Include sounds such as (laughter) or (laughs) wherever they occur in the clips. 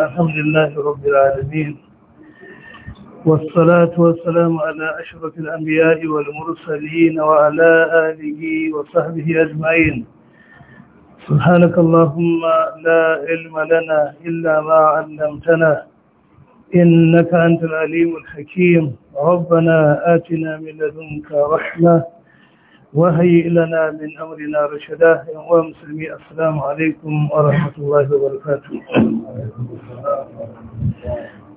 الحمد لله رب العالمين والصلاة والسلام على أشرف الأنبياء والمرسلين وعلى آله وصحبه أجمعين سبحانك اللهم لا علم لنا إلا ما علمتنا إنك أنت العليم الحكيم ربنا آتنا من لدنك رحمة وهيئ لنا من أمرنا رشدا ومسلمي السلام عليكم ورحمة الله وبركاته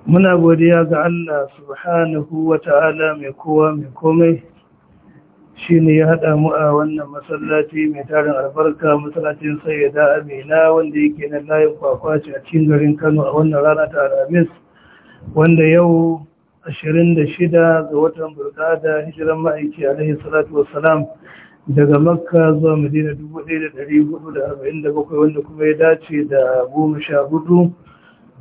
muna godiya ga Allah subhanahu wa ta'ala mai kowa komai ya haɗa mu a wannan masallaci mai tarin albarka masallacin sayyada amina wanda yake na layin kwakwaci a cikin garin kano a wannan rana ta alhamis wanda yau 26 ga watan burkada hijiran ma'aiki alaihi salatu wassalam daga makka zuwa madina 1447 wanda kuma ya dace da 14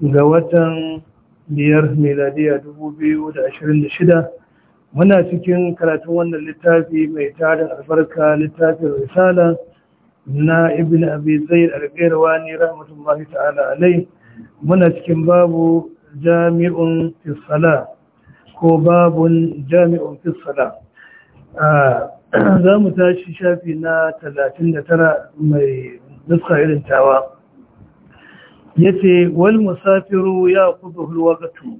ga watan biyar miladiya 2026 muna cikin karatun wannan littafi mai tarin albarka littafin risala na ibn abi zaid al-qayrawani rahmatullahi ta'ala alai muna cikin babu jami'un fi ko babun jami'un Fissala. sala (clears throat) za mu tashi shafi na 39 mai nuska irin tawa ya ce wal musafiru ya kudu hulwagatu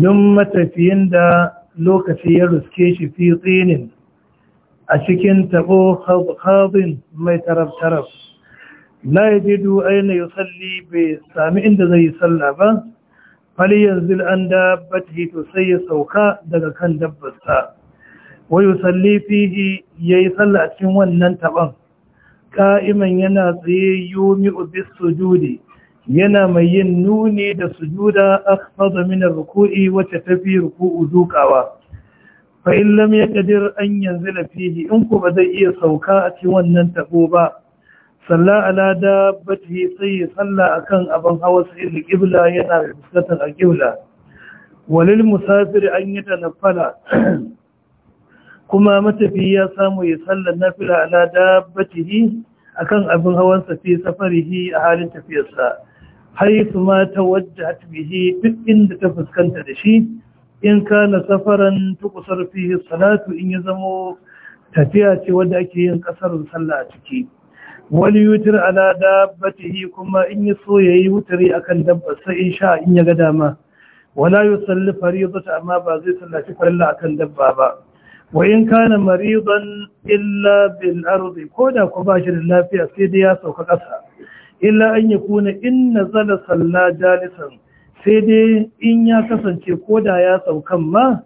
don matafiyin da lokaci ya ruske shi fi tsinin a cikin tabo haɗin mai taraf-taraf la ya jidu aina salli bai sami inda zai yi salla ba yanzu an dabbatihi to sai ya sauka daga kan dabbarsa wa yusalli yayi sallah cikin wannan taban ka'iman yana tsaye yumi bis sujudi yana mai yin nuni da sujuda akhfada min ruku'i wacce tafi ruku'u dukawa fa in lam yaqdir an yanzila fihi in ku ba zai iya sauka a cikin wannan tabo ba salla ala dabbati sai ya salla akan abin hawa sai da kibla yana fuskantar a kibla walil musafir an yi Nafala, kuma matafi ya samu ya salla nafila ala a akan abin hawan sa safari safarihi a halin tafiyarsa haythu ma tawajjahat bihi duk inda ta fuskanta da shi in kana safaran tuqsar fihi salatu in ya zamo tafiya ce wadda ake yin kasar sallah a ciki wani yutir ala dabbatihi kuma in ya so ya yi wutari akan dabba sai in sha in ya ga dama wala yusalli fariyata amma ba zai sallaci farilla akan dabba ba wa in kana maridan illa bil ardi ko da ku ba shi da lafiya sai dai ya sauka ƙasa illa an yakuna in nazala salla jalisan sai dai in ya kasance ko da ya saukan ma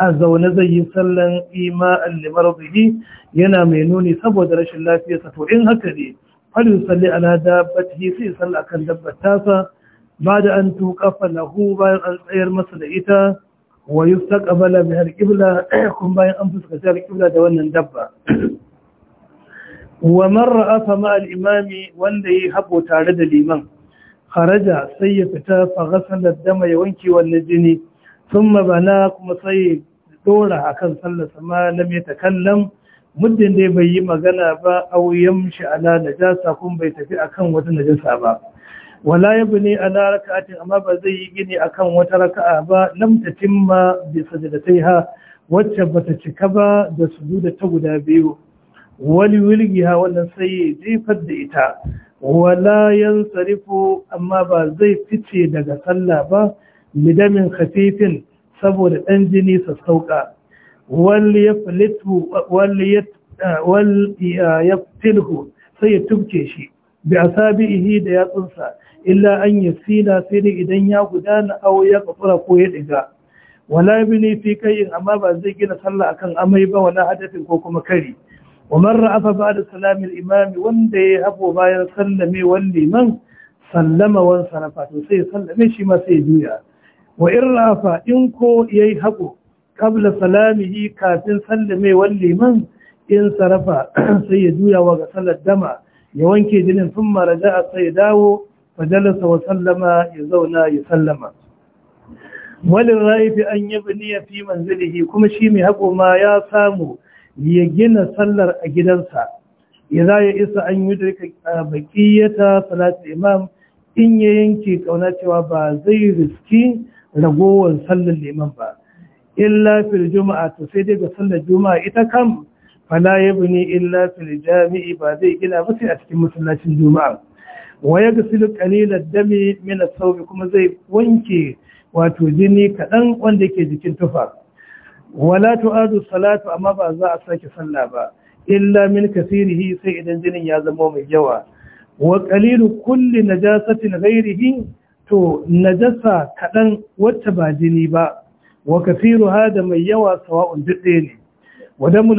a zaune zai yi sallan ima'an limarzihi yana mai nuni saboda rashin lafiyarsa to in haka ne falin salli ala dabbatihi sai salla akan dabbar tasa ba da an tuka falahu bayan an tsayar masa da ita wa yustaqbala bi al-qibla (clears throat) kun bayan an fuskanci al-qibla da wannan dabba wa man ra'a ma al-imami wanda yi habo tare da liman kharaja sai ya fita fa ghasala dama ya wanke wannan jini thumma bana kuma sai dora akan sallarsa ma lam ya takallam muddin dai bai yi magana ba aw yamshi ala najasa kun bai tafi akan wata najasa ba wala yabni ala rak'atin amma ba zai yi gini akan wata raka'a ba lam tatimma bi sajdataiha wacce ba ta cika ba da sujuda ta guda biyu wilgi wilgiha wannan sai ya jefar da ita wala yansarifu amma ba zai fice daga sallah ba midamin khafifin saboda ɗan jini sauka, wani ya filhu sai ya tufke shi bi a sabi'ihi da yatsunsa illa an yi sila sai idan ya gudana awo ya kafura ko ya ɗiga wala bini fi kayin amma ba zai gina sallah akan amai ba wala hadafin ko kuma kari wa marra afa ba da salamin imami wanda ya hafo bayan sallame wani liman sallama wan sarafa to sai sallame shi ma sai juya wa in rafa in ko yayi haƙo kabla salamihi kafin sallamewar liman in sarafa (clears throat) sai ya juya wa ga sallar dama ya wanke jinin sun maraja sai ya dawo fajalasa wa sallama ya zauna ya sallama walin ra'ifi an yi biniya fi manzilihi kuma shi mai haƙo ma ya samu ya gina sallar a gidansa ya za ya isa an yi dirka ta salatu imam in ya yanke kauna cewa ba zai riski ragowar sallar liman ba illa fil juma'a to sai dai ga sallar juma'a ita kam fala yabni illa fil jami'i ba zai gina ba a cikin masallacin juma'a wa yaghsilu qalilad dami min as-sawb kuma zai wanke wato jini kaɗan wanda yake jikin tufa wala adu salatu amma ba za a sake sallah ba illa min kasirihi sai idan jinin ya zama mai yawa wa qalilu kulli najasatin ghairihi to najasa kaɗan wacce ba jini ba wa kafiru hada mai yawa sawa'un duk ne wa damul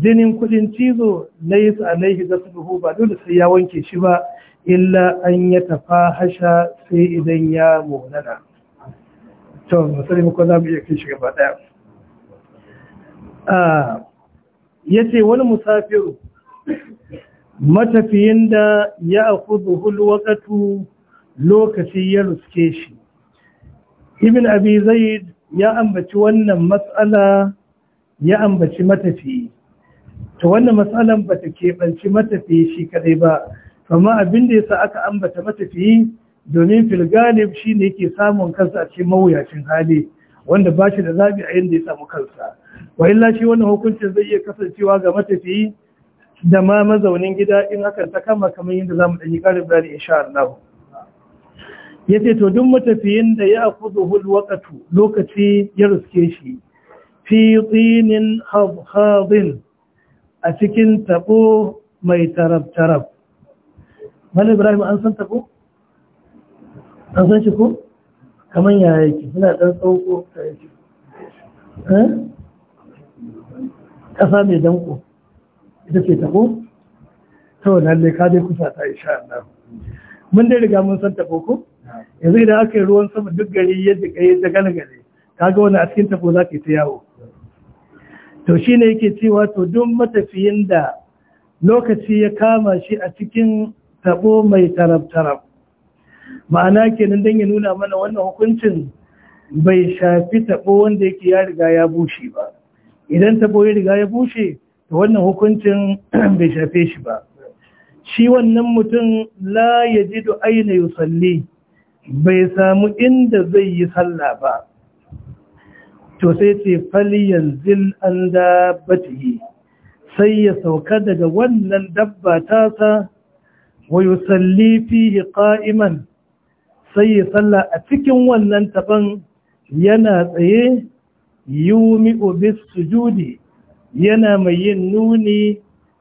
jinin kudin cizo na yi alaihi da su ba dole sai ya wanke shi ba illa an ya tafa hasha sai idan ya munana to musali muku za mu iya kai shi gaba ɗaya ah, ya wani musafiru matafiyin da ya akudu hulwakatu lokaci ya ruske shi ibn abi zaid ya ambaci wannan matsala ya ambaci matafiyi to wannan matsalan ba ta keɓanci matafiyi shi kaɗai ba Kama abin da yasa aka ambata matafiyi domin filgalib shi ne yake samun kansa a cikin mawuyacin hali wanda ba shi da zabi a yadda ya samu kansa wa shi wannan hukuncin zai iya kasancewa ga matafiyi da ma mazaunin gida in hakan ta kama kamar yadda za mu ɗanyi ƙarin bayani insha Allah ya ce to duk matafiyin da ya Zuhul hulwakatu lokaci ya riske shi fi tsinin habhabin a cikin tabo mai tarab-tarab wani ibrahim an san tabo? an san shi ko? kamar ya yake suna ɗan tsoko ta yake eh? ƙasa mai danko ita ce tabo? to lalle ka dai kusa ta isha Allah mun dai riga mun san tabo ko? yanzu idan aka yi ruwan sama duk gari ya jika ya ta kaga wani a cikin tafo za ka yi ta yawo to shi ne yake cewa to duk matafiyin da lokaci ya kama shi a cikin tabo mai tarab-tarab ma'ana ke kenan don ya nuna mana wannan hukuncin bai shafi tabo wanda yake ya riga ya bushe ba idan tabo ya riga ya bushe to wannan hukuncin (clears throat) bai shafe shi ba shi wannan mutum la ya ji da aina yusalli bai samu inda zai yi sallah ba to sai ce faliyan zil an dabbatihi sai ya sauka daga wannan dabba tasa wa yusalli fihi qa'iman sai ya salla a cikin wannan taban yana tsaye yumi bis sujudi yana mai yin nuni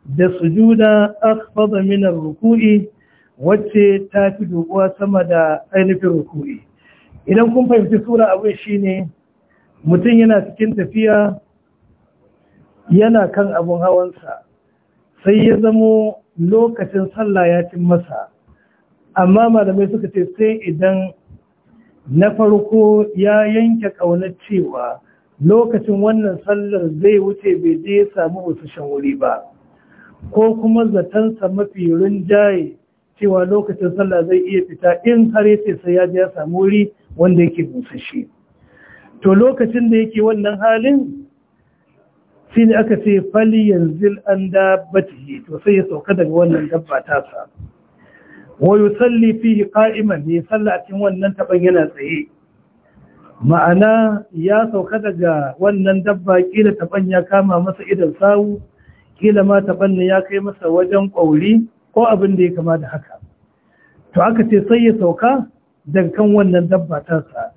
da sujuda akhfada min ar-ruku'i wacce ta fi doguwa sama da ainihin rukuri idan kun fahimci sura abin ne. mutum yana cikin tafiya yana kan abin hawansa sai ya zamo lokacin sallah ya cin masa amma malamai suka ce sai idan na farko ya yanke ƙaunar cewa lokacin wannan sallar zai wuce bai je ya samu shan wuri ba ko kuma zatansa mafi rinjaye cewa lokacin sallah zai iya fita in kare yace sai ya ya samu wuri wanda yake shi. to lokacin da yake wannan halin shi ne aka ce fali yanzu an dabbatihi to sai ya sauka daga wannan dabba ta sa wa yusalli fihi qa'iman ne sallah wannan taban yana tsaye ma'ana ya sauka daga wannan dabba kila taban ya kama masa idan sawu kila ma taban ne ya kai masa wajen kauri ko abin da ya kama da haka to aka ce sai ya sauka daga kan wannan dabba tasa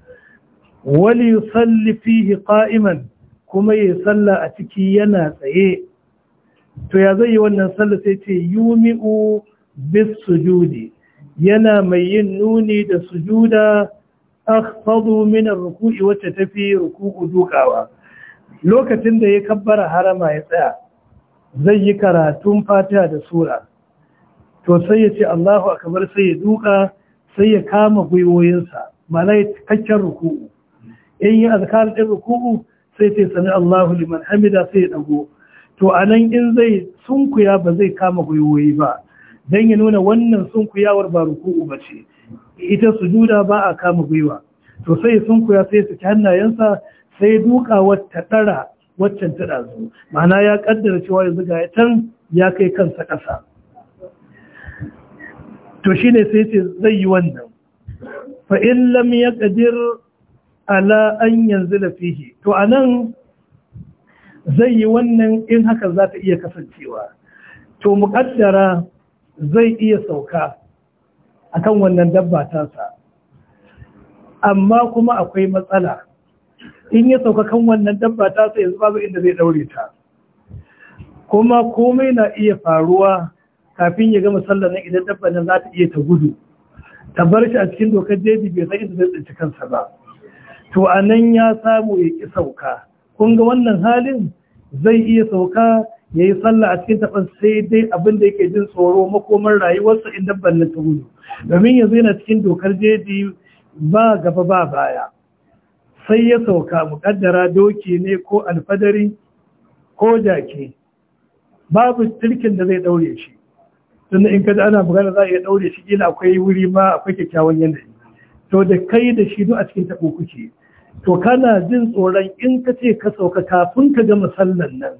wali yusalli fihi qa'iman kuma ya salla a ciki yana tsaye to ya zai yi wannan sallah sai ce yumi'u bis sujudi yana mai yin nuni da sujuda akhfadu min ar-ruku'i wacce tafi ruku'u dukawa lokacin da ya kabbara harama ya tsaya zai yi karatun fata da sura to sai ya ce Allahu akbar sai ya duka sai ya kama gwiwoyinsa mana cikakken ruku'u in yi azkar din ruku'u sai ta sami Allahu liman hamida sai ya dago to anan in zai sunkuya ba zai kama gwiwoyi ba dan ya nuna wannan sunkuyawar ba ruku'u ba ce ita sujuda ba a kama gwiwa to sai ya sunkuya sai ya saki hannayensa sai ya duka wata ɗara waccan ta ɗazu ma'ana ya ƙaddara cewa yanzu ga ya can ya kai kansa ƙasa to shi ne sai ce zai yi wannan fa in ya ƙadir ala an yanzu da fihi to a nan zai yi wannan in haka za ta iya kasancewa to muƙaddara zai iya sauka a kan wannan dabba tasa amma kuma akwai matsala in ya sauka kan wannan dabba tasa yanzu babu inda zai ɗaure ta kuma komai na iya faruwa kafin ya gama sallar nan idan dabba nan za ta iya ta gudu ta bar shi a cikin dokar jeji bai san inda zai tsinci kansa ba to a nan ya samu ya ki sauka kun ga wannan halin zai iya sauka ya yi sallah a cikin taɓar sai dai abin da yake jin tsoro makomar rayuwarsa in dabban nan ta gudu domin ya zai na cikin dokar jeji ba gaba ba baya sai ya sauka muƙaddara doki ne ko alfadari ko jaki babu tilkin da zai ɗaure shi sannan in kada ana magana za a iya ɗaure shi ila akwai wuri ma akwai kyakkyawan yanayi to da kai da shi duk a cikin taɓo kuke to kana jin tsoron in ka ce ka sauka kafin ka gama sallan nan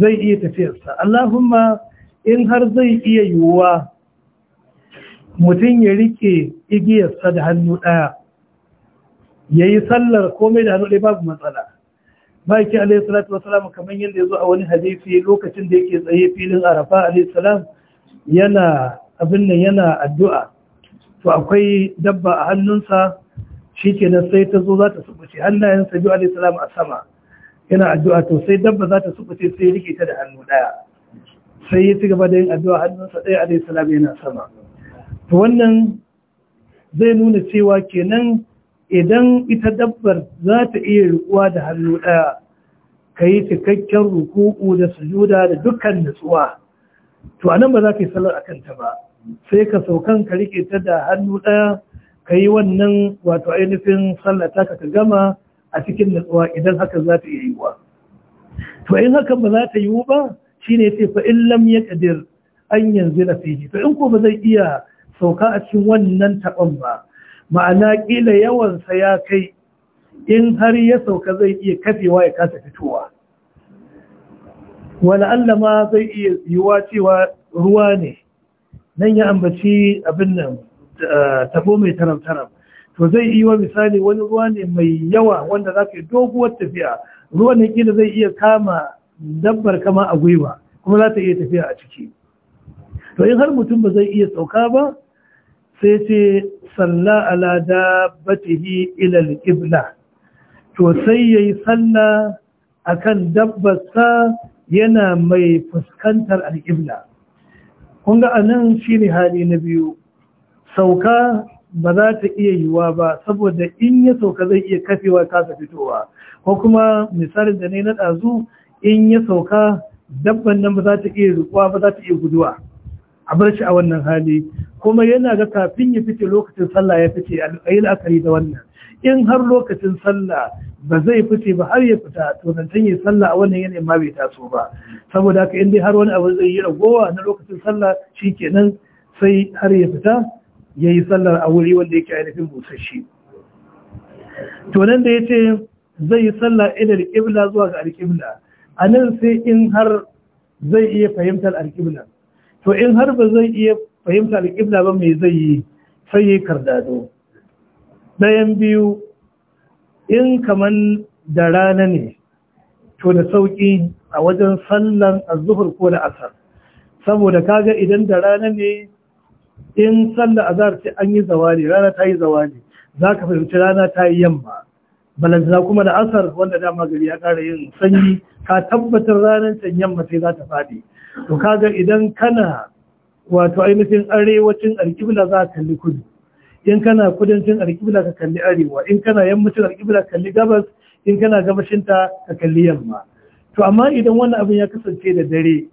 zai iya tafiyarsa allahumma in har zai iya yiwuwa mutum ya rike igiyarsa da hannu ɗaya ya yi sallar komai da hannu ɗaya babu matsala ki alaihi salatu wasalam kamar yadda ya zo a wani hadisi lokacin da yake tsaye filin arafa alaihi salam yana abin nan yana addu'a to akwai dabba a hannunsa shi ke nan sai ta zo za ta sukuce hannayensa biyu alaihi a sama yana addu'a to sai dabba za ta sukuce sai rike ta da hannu ɗaya. sai ya ci gaba da yin addu'a hannunsa ɗaya alaihi yana sama to wannan zai nuna cewa kenan idan ita dabbar za ta iya rikuwa da hannu ɗaya ka yi cikakken ruku'u da sujuda da dukkan nutsuwa to a nan ba za ka yi salar a kanta ba sai ka saukan ka rike ta da hannu ɗaya ka yi wannan wato ainihin sallata ka gama a cikin natsuwa idan haka za ta iya yiwuwa to in haka ba za ta yiwu ba shine sai fa in lam yaqdir an yanzu na fihi to in ko ba zai iya sauka a cikin wannan taɓon ba ma'ana ƙila yawansa ya kai in har ya sauka zai iya kafewa ya kasa fitowa wala'alla ma zai iya yiwuwa cewa ruwa ne nan ya ambaci abin nan eh, tabo mai taram-taram to zai yi wa misali wani ruwa ne mai yawa wanda za ka yi doguwar tafiya ruwa ne kila zai iya kama dabbar kama a gwiwa kuma za ta iya tafiya a ciki to in har mutum ba zai iya sauka ba sai ce salla ala da batihi ilal qibla to sai yayi salla akan dabbarsa yana mai fuskantar alƙibla kunga ga anan shi ne hali na biyu sauka ba za ta iya yiwuwa ba saboda in ya sauka zai iya kafewa kasa fitowa ko kuma misalin da ne na ɗazu in ya sauka dabban nan ba za ta iya rukuwa ba za ta iya guduwa a bar shi a wannan hali kuma yana ga kafin ya fice lokacin sallah ya fice a la'akari da wannan in har lokacin sallah ba zai fice ba har ya fita to ya yi sallah a wannan yanayin ma bai taso ba saboda haka in har wani abu zai yi ragowa na lokacin sallah shi kenan sai har ya fita ya yi sallar a wuri wanda yake ainihin busasshe to nan da ya ce zai yi sallah ila alƙibla zuwa ga alƙibla a nan sai in har zai iya fahimtar alƙibla to in har ba zai iya fahimtar alƙibla ba mai zai yi sai yi kardado bayan biyu in kaman da rana ne to da sauƙi a wajen sallan azuhur ko da asar saboda kaga idan da rana ne in sallar azhar ce an yi zawali rana ta yi zawali za ka fahimci rana ta yi yamma balantana kuma da asar wanda dama gari ya ƙara yin sanyi ka tabbatar ranar can yamma sai za ta faɗi to kaga idan kana wato ainihin arewacin alkibla za ka kalli kudu in kana kudancin alƙibla ka kalli arewa in kana yammacin alƙibla ka kalli gabas in kana gabashinta ka kalli yamma to amma idan wannan abin ya kasance da dare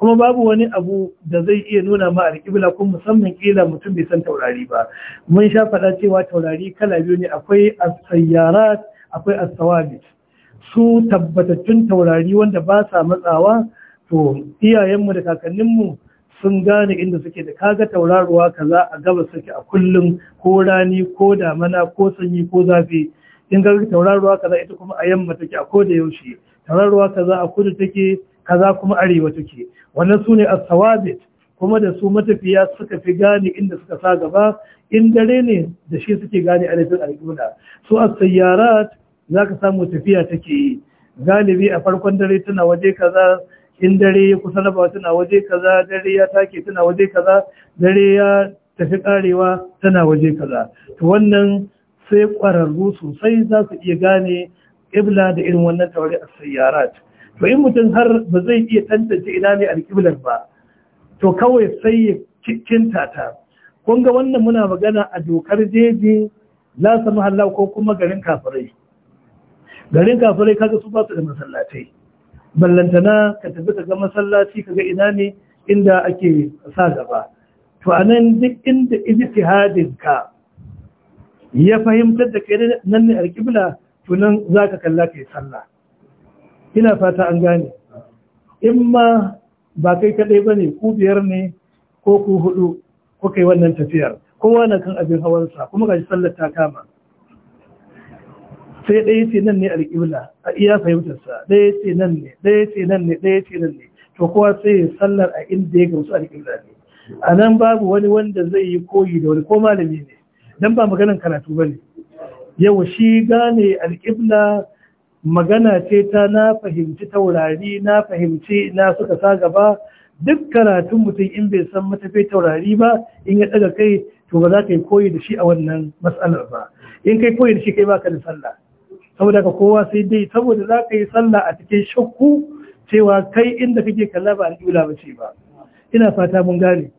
kuma babu wani abu da zai iya nuna ma alƙibla ko musamman ƙila mutum bai san taurari ba mun sha faɗa cewa taurari kala biyu ne akwai asayyara, akwai asawabi su tabbatattun taurari wanda ba sa matsawa to iyayenmu da kakanninmu sun gane inda suke da kaga tauraruwa kaza a gaba suke a kullum ko rani ko damana ko sanyi ko zafi in ga tauraruwa kaza ita kuma a yamma take a ko da yaushe tauraruwa kaza a kudu take kaza kuma arewa take wannan sune as-sawabit kuma da su matafiya suka fi gane inda suka sa gaba in dare ne da shi suke gane alifin al'ula su as-sayyarat zaka samu tafiya take yi galibi a farkon dare tana waje kaza in dare ya kusa na ba tana waje kaza dare ya take tana waje kaza dare ya tafi karewa tana waje kaza to wannan sai kwararru sosai za su iya gane ibla da irin wannan tawari a sayyarat to in mutum har ba zai iya tantance ina ne alƙiblar ba to kawai sai ya kinta ta kun ga wannan muna magana a dokar jeji la sama ko kuma garin kafirai garin kafirai kaga su ba su da masallatai ballantana ka tafi ka ga masallaci ka ga ina ne inda ake sa gaba to anan duk inda ijtihadin ka ya fahimtar da kai nan ne alƙibla to nan zaka kalla kai sallah ina fata an gane in ma ba kai kadai bane ku biyar ne ko ku hudu ko kai wannan tafiyar kowa na kan abin hawansa kuma gashi sallar ta kama sai ɗaya ce nan ne alƙibla a iya fahimtarsa ɗaya ce nan ne ɗaya ce nan ne ɗaya ce nan ne to kowa sai ya sallar a inda ya gamsu alƙibla ne a nan babu wani wanda zai yi koyi da wani ko malami ne dan ba maganan karatu ba ne yau shi gane alƙibla magana ce ta na fahimci taurari na fahimci na suka sa gaba duk karatun mutum in bai san matafi taurari ba in ya ɗaga kai to ba za ka yi koyi da shi a wannan matsalar ba in kai koyi da shi kai baka da sallah saboda ka kowa sai dai saboda za ka yi sallah a cikin shakku cewa kai inda kake kalla ba al'ula ba ce ba ina fata mun gane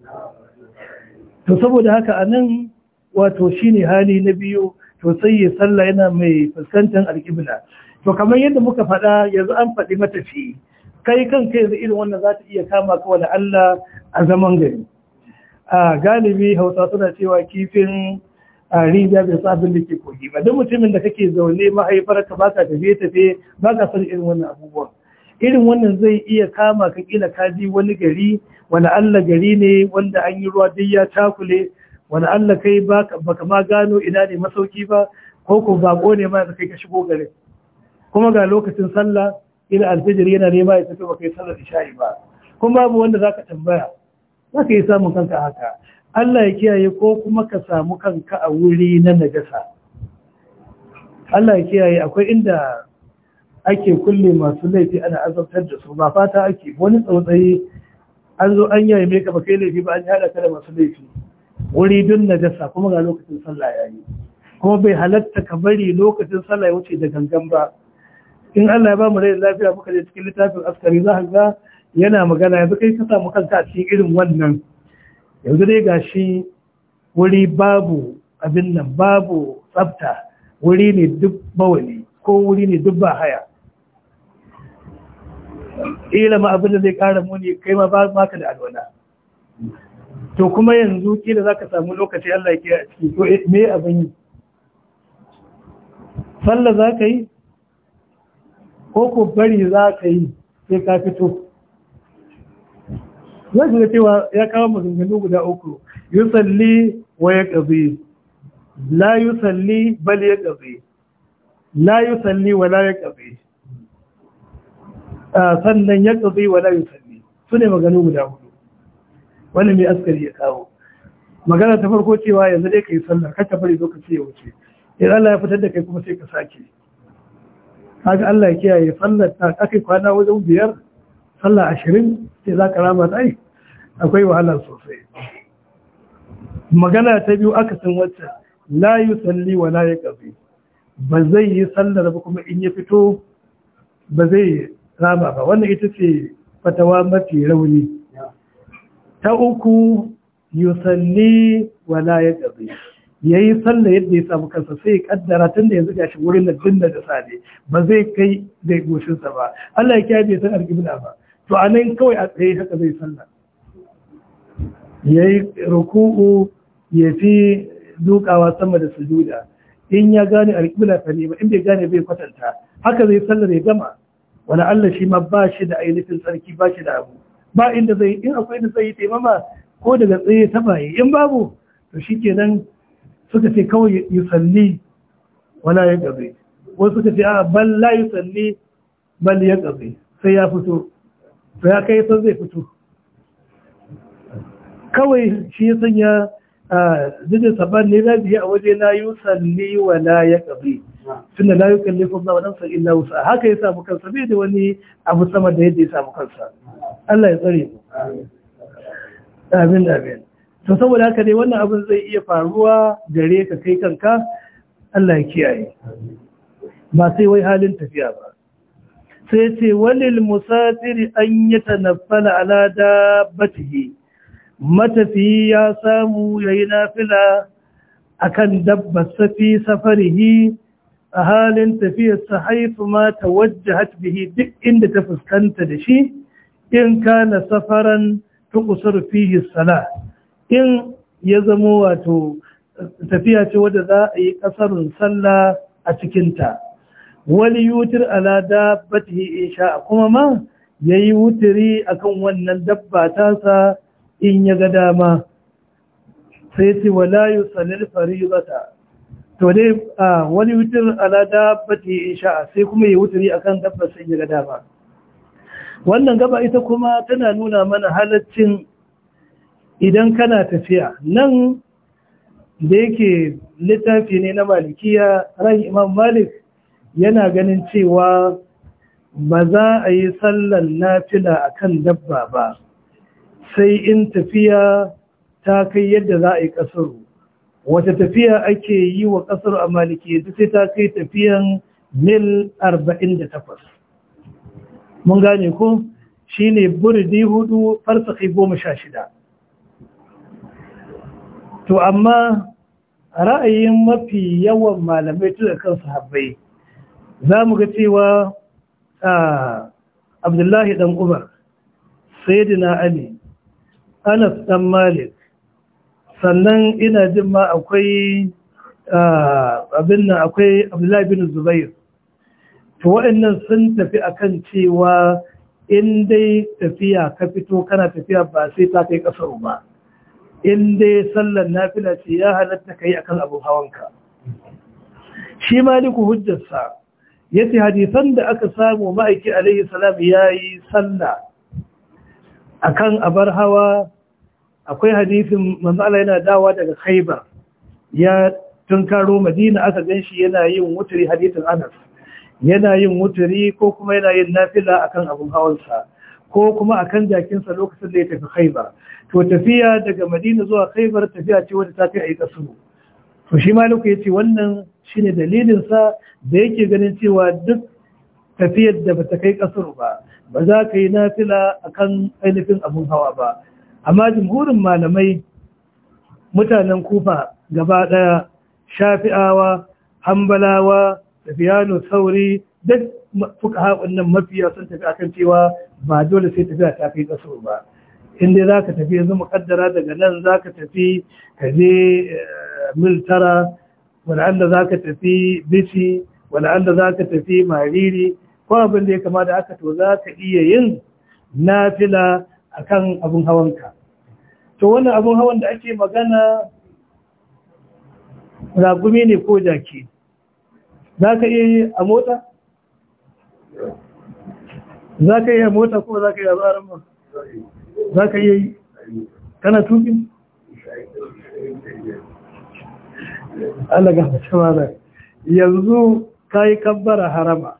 to saboda haka a nan wato shine hali na biyu to sai ya sallah yana mai fuskantar alƙibla to kamar yadda muka faɗa yanzu an faɗi matafi kai kan kai yanzu irin wannan za ta iya kama ka wani Allah a zaman gari a galibi hausa suna cewa kifin a rijiya bai sa da ke kogi ba duk mutumin da kake zaune mahaifar ka baka tafiye tafiye baka san irin wannan abubuwan irin wannan zai iya kama ka kila ka ji wani gari wani Allah gari ne wanda an yi ruwa duk ya takule wani Allah kai baka ma gano ina ne masauki ba ko ko bako ne ma kai ka shigo gare kuma ga lokacin sallah ila alfijir yana nema ya tafi ba kai sallar isha'i ba kuma babu wanda zaka tambaya zaka yi samun kanka haka Allah ya kiyaye ko kuma ka samu kanka a wuri na najasa Allah ya kiyaye akwai inda ake kulle masu laifi ana azabtar da su ba fata ake wani tsautsayi an zo an yaye mai kafa kai laifi ba an yi ka da masu laifi wuri dun najasa kuma ga lokacin sallah yayi kuma bai halatta ka bari lokacin sallah ya wuce da gangan ba in Allah ya ba mu rai lafiya muka je cikin littafin askari za ga yana magana yanzu kai ka samu kanka a cikin irin wannan yanzu dai ga shi wuri babu abin nan babu tsafta wuri ne duk bawali ko wuri ne duk ba haya ila ma abin da zai kara muni kai ma ba maka da alwala to kuma yanzu kila za ka samu lokaci Allah ya kira a ciki to eh, me abin yi sallah za ka yi ko ko bari za ka yi sai ka fito za su ga cewa ya kawo maganganu guda uku yusalli wa ya ƙazi la yusalli bal ya ƙazi la yusalli wa la ya ƙazi ah, sannan ya ƙazi wa la yusalli su ne maganganu guda hudu wani mai askari ya kawo magana ta farko cewa yanzu dai ka yi sallar ka tafari lokaci ya wuce idan Allah ya fitar da kai kuma sai ka sake kaga Allah ya kiyaye sallar ta kai kwana wajen biyar sallah ashirin sai za ka rama ta akwai wahala sosai magana ta biyu aka san wacce la yi salli wa la ya ba zai yi sallar ba kuma in ya fito ba zai rama ba wannan ita ce fatawa mafi rauni ta uku yi salli wa la ya ya yi sallar yadda ya samu kansa sai ya kaddara tun da yanzu gashi wurin da dinda da sale ba zai kai da goshinsa ba Allah ya kyabe sai argibina ba to a nan kawai a tsaye haka zai sallah ya yi ruku'u ya fi dukawa sama da sujuda in ya gane alƙibla ta nema in bai gane bai kwatanta haka zai sallar ya gama wani Allah shi ma ba shi da ainihin sarki ba shi da abu ba inda zai in akwai da zai taimama ko daga tsaye ta baye in babu to shi kenan suka ce kawai yi salli wala ya gabe wasu suka ce a ban la yi salli bal ya gabe sai ya fito to ya kai san zai fito kawai shi ya sanya ya zidin saban ne na biya a waje na yi salli wa na ya ƙabi tunda na yi kalli kuma wa ɗansa illa wusa haka ya samu kansa bai da wani abu sama da yadda ya samu kansa Allah ya tsare mu amin amin to saboda haka ne wannan abin zai iya faruwa gare ka kai kanka Allah ya kiyaye ba sai wai halin tafiya ba sai ce walil musafiri an yi tanaffala ala dabbatihi matafiyi ya samu yayi nafila akan dabbar safi safarihi a halin tafiyar sa haifu ma tawajjahat bihi duk inda ta fuskanta da shi in kana safaran tuqsar fihi sala, in ya zamo wato tafiya ce wadda za a yi kasarun sallah a cikinta wali yutir ala dabbatihi isha kuma ma yayi wutiri akan wannan dabba tasa in ya ga dama sai ti wala yusallil fariidata to dai wali wutir ala dabbati isha sai kuma yayi wutiri akan dabba sai ya ga dama wannan gaba ita kuma tana nuna mana halaccin idan kana tafiya nan da yake littafi ne na malikiya ran imam malik yana ganin cewa ba za a yi sallan nafila kan dabba ba sai in tafiya ta kai yadda za a yi ƙasaru wata tafiya ake yi wa ƙasar a maliki yadda sai ta kai tafiyan mil 48 mun gane ku. shi ne burdi hudu farsakai goma sha shida to amma ra'ayin mafi yawan malamai tun da kan sahabbai za mu ga cewa abdullahi ɗan umar saidina ali anas ɗan malik sannan ina jin ma akwai abin nan akwai abdullahi bin zubair to waɗannan sun tafi akan cewa in dai tafiya ka fito kana tafiya ba sai ta kai kasar ba in dai sallar nafila ce ya halatta ka yi akan abin hawanka shi maliku hujjarsa yace hadisan da aka samu ma'aiki alaihi salam yayi sallah akan abar hawa akwai hadisin manzo yana dawa daga Khaibar ya tunkaro Madina aka ganshi yana yin wuturi hadisin Anas yana yin wuturi ko kuma yana yin nafila akan abun hawansa ko kuma akan jakinsa lokacin da ya tafi Khaibar to tafiya daga Madina zuwa Khaibar tafiya ce wadda ta kai ayi su. to shi Maliku yace wannan shine dalilinsa da yake ganin cewa duk tafiyar da bata kai kasar ba ba za ka yi nafila akan ainihin abin hawa ba amma jimhurin malamai mutanen kufa gaba ɗaya shafi'awa hambalawa tafiyano sauri duk fuka haɗin nan mafiya sun tafi akan cewa ba dole sai tafiya ta kai kasar ba inda za ka tafi yanzu mukaddara daga nan za ka tafi ka je eh, mil tara wala'alla za ka tafi bici wala'alla za ka tafi mariri ko abin da ya kama da aka to za ka iya yin fila a kan abin hawanka to wannan abin hawan da ake magana ragumi ne ko jaki za ka iya yi a mota? za ka iya mota ko za ka iya zarar ma za ka iya yi kana tukin? Allah ga yi yanzu kai kabbara harama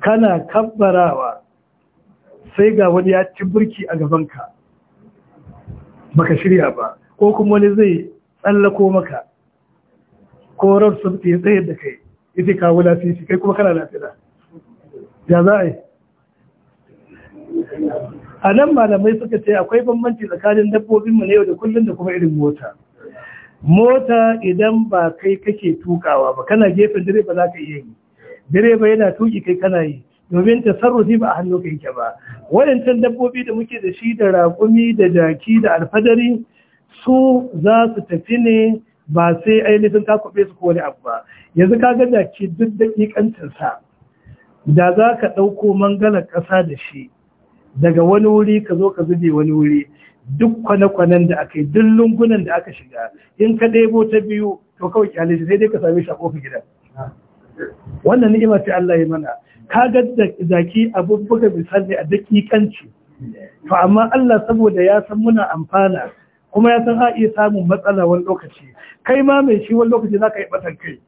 kana kabbarawa sai ga wani ya ci burki a gabanka baka shirya ba ko kuma wani zai tsallako maka ko rarsu ya tsayar da kai ita kawo lafiya kai kuma kana lafiya ya za a yi a nan malamai suka ce akwai bambanci tsakanin dabbobin mu na yau da kullum da kuma irin mota mota idan ba kai kake tukawa ba kana gefen direba za ka iya yi direba yana tuki kai kana yi domin ta, tasarrufi ba a hannu kai ke ba waɗancan dabbobi da muke da shi da raƙumi da jaki da alfadari su za su tafi ne ba sai ainihin ka kuɓe su ko abu ba yanzu ka ga jaki duk daƙiƙancinsa da za ka ɗauko mangalar ƙasa da shi daga wani wuri ka zo ka zube wani wuri duk kwane-kwanen da aka yi duk lungunan da aka shiga in ka ɗebo ta biyu to kawai kyale sai dai ka same shi a ƙofar gida wannan ni'ima ce Allah ya mana ka ga zaki abun buga misali a dakikanci to amma Allah saboda ya san muna amfana kuma ya san a iya samun matsala wani lokaci kai ma mai shi wani lokaci za ka yi batan kai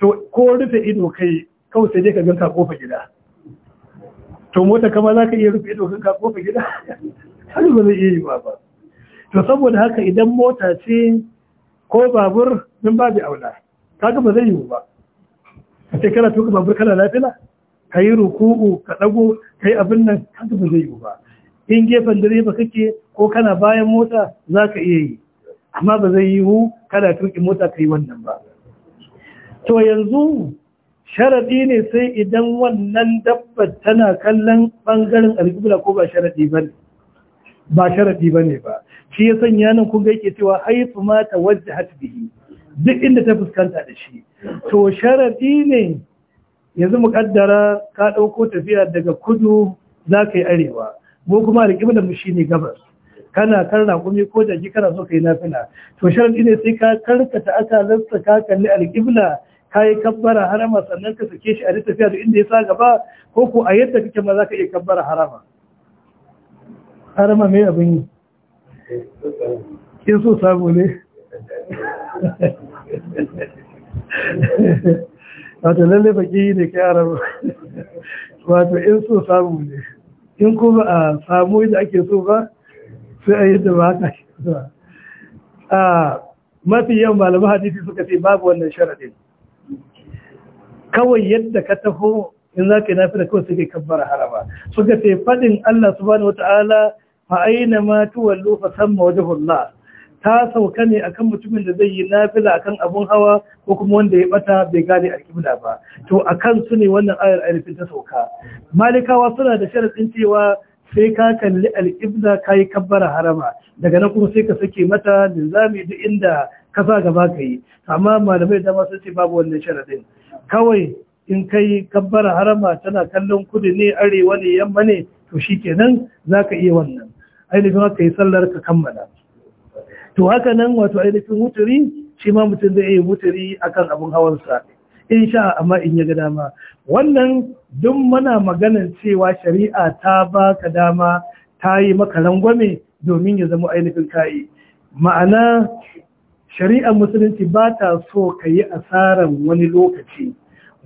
to ko rufe ido kai kawai sai dai ka ganka ƙofar gida to mota kama za ka iya rufe ido ka ƙofar gida har ba zai iya yi ba ba, to saboda haka idan mota ce ko babur min bi aula kaga ba zai yi ba ka ce kana tuka babur kana lafiya ka yi ruku'u ka ɗago ka yi abin nan kaga ba zai yi ba in gefen direba kake ko kana bayan mota za ka iya yi amma ba zai yiwu kana tuki mota ka yi wannan ba to yanzu sharaɗi ne sai idan wannan dabbar tana kallon ɓangaren alƙibla ko ba sharaɗi ba ne ba sharafi ba ba shi ya sanya nan kun ga yake cewa haifu ma tawajjahat bihi duk inda ta fuskanta da shi to sharafi ne yanzu mu kaddara ka ɗauko tafiya daga kudu za ka yi arewa Ko kuma da mu shine gabas kana kan raƙumi ko ji kana so ka yi nafila to sharaɗi ne sai ka karkata akalarsa ka kalli alƙibla ka yi kabbara harama sannan ka sake shi a tafiya da inda ya sa gaba ko ko a yadda kake ma za ka iya kabbara harama har mai abin yi kin so samu ne wato lalle baki ne kyarar wato in so samu ne in kuma a samu yadda ake so ba sai a da ba haka a mafi yawan malamu hadisi suka ce babu wannan sharaɗin kawai yadda ka taho in za ka yi nafi da kawai suke kabbar harama suka ce faɗin Allah subhanahu wata'ala fa aina ma tuwallu fa samma wajhullah ta sauka ne akan mutumin da zai yi nafila akan abun hawa ko kuma wanda ya bata bai gane alƙibla ba to akan su ne wannan ayar ainihin ta sauka malikawa suna da sharadin cewa sai ka kalli alƙibla ka yi kabbara harama daga nan kuma sai ka sake mata linzami duk inda ka sa gaba ka yi amma malamai dama sun ce babu wannan sharadin kawai in kai kabbara harama tana kallon kudu ne arewa ne yamma ne to shikenan za ka iya wannan ainihin ka yi sallar ka kammala to haka nan wato ainihin wuturi shi ma mutum zai yi wuturi akan abin hawan sa. In sha amma in ya ga dama wannan duk mana maganan cewa shari'a ta baka dama ta yi maka rangwame domin ya zama ainihin ka'i ma'ana shari'ar musulunci ba ta so ka yi asarar wani lokaci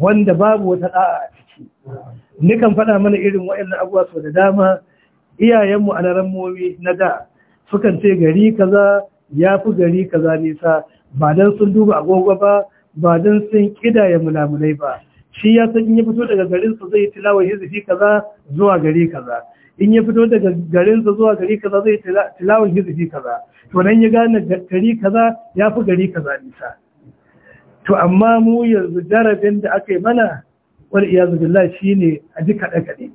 wanda babu wata da'a a ciki nikan faɗa mana irin na abubuwa sau da dama iyayenmu a momi na da sukan ce gari kaza ya fi gari kaza nisa ba don sun duba agogo ba ba don sun kidaya mulamulai ba shi ya san in ya fito daga garinsa zai hizifi kaza zuwa gari kaza in ya fito daga garinsa zuwa gari kaza zai tilawar hizifi kaza to nan ya gane gari kaza ya fi gari kaza nisa to amma mu yanzu jarabin da aka yi mana wal iyazu billah shine a ji kaɗe kaɗe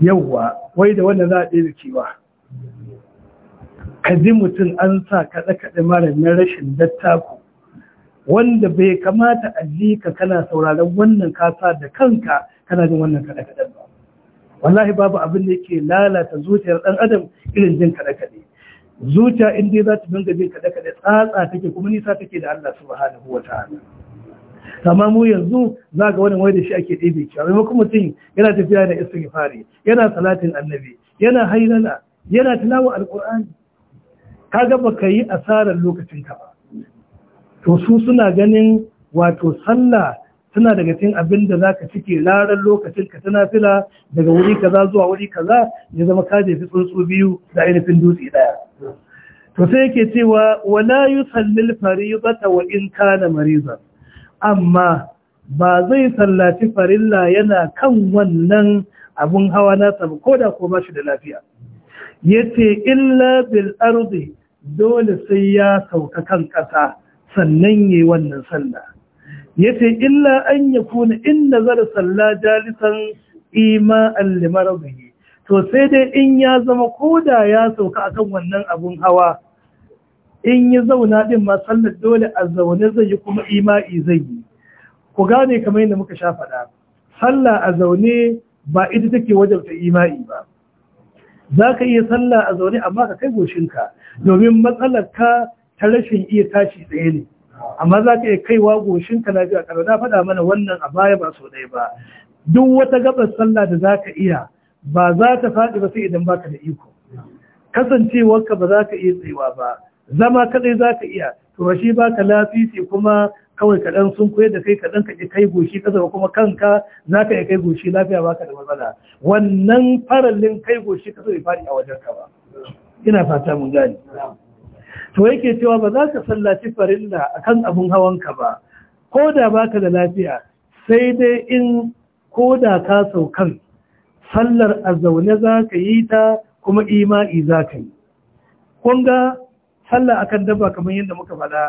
yawwa wai da wannan za a ɗaya Ka ji mutum an sa kaɗe-kaɗe mara na rashin dattako wanda bai kamata a ji ka kana sauraron wannan kasa da kanka kana jin wannan kaɗe-kaɗe ba wallahi babu abin da yake lalata zuciyar ɗan adam irin jin kaɗe-kaɗe zuciya in dai za ta dinga jin kaɗe-kaɗe tsatsa take kuma nisa take da Allah subhanahu wa ta'ala amma mu yanzu za ga wani wai shi ake ɗebe ki a maimakon mutum yana tafiya da istighfari yana salatin annabi yana hailala yana tilawa alqur'ani gaba baka yi asarar lokacin ka ba to su suna ganin wato sallah tana daga cikin abin da zaka cike laran lokacin ka tana fila daga wuri kaza zuwa wuri kaza ya zama ka jefi tsuntsu biyu da ainihin dutse daya to sai yake cewa wala yusallil fariidata wa in kana mariza amma ba zai sallaci farilla yana kan wannan abun hawa nasa ba ko da ko ba shi da lafiya yace illa bil arzi dole sai ya sauka kan ƙasa sannan yayi wannan sallah yace illa an kuna in nazara sallah jalisan ima al limaradihi to sai dai in ya zama ko da ya sauka akan wannan abun hawa in ya zauna din ma sallar dole a zaune zai yi kuma ima'i zai yi ku gane kamar yadda muka sha faɗa sallah a zaune ba ita take wajabta ima'i ba za ka iya sallah a zaune amma ka kai goshinka domin matsalar ka ta rashin iya tashi tsaye ne amma za ka iya kaiwa goshinka na biya karo na faɗa mana wannan a baya ba sau ɗaya ba duk wata gabar sallah da za ka iya ba za ta faɗi ba sai idan baka da iko kasancewarka ba za ka iya tsayawa ba zama kadai za ka iya to ba shi baka lasisi kuma kawai kaɗan sun koyar da kai kaɗan ka kai goshi ka zama kuma kanka za ka iya kai goshi lafiya ka da matsala wannan farallin kai goshi ka zai fari a wajen ka ba ina fata mun gane to yake cewa ba za ka sallaci farilla akan abun hawan ka ba ko da ba ka da lafiya sai dai in ko da ka saukan sallar a zaune za ka yi ta kuma ima'i za ka yi kun ga sallah akan dabba kamar yadda muka faɗa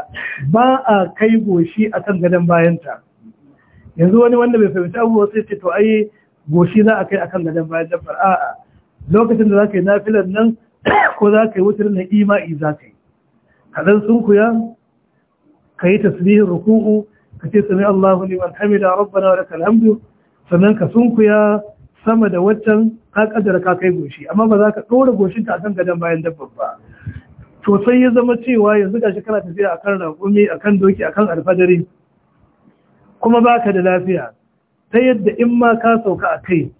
ba a kai goshi akan gadon bayanta yanzu wani wanda bai fahimci abubuwa sai ce to ai goshi za a kai akan gadon bayan dabbar a'a lokacin da za ka yi nafilan nan ko za ka yi wutar na ima'i za ka yi kaɗan sunkuya ka yi tasbihin ruku'u ka ce sami Allahu liman hamida rabbana wa lakal hamdu sannan ka sunkuya sama da waccan ka kaddara ka kai goshi amma ba za ka ɗora goshin ka akan gadon bayan dabbar ba to sai ya zama cewa yanzu gashi kana tafiya akan raƙumi akan doki akan alfadari kuma baka da lafiya ta yadda in ma ka sauka a kai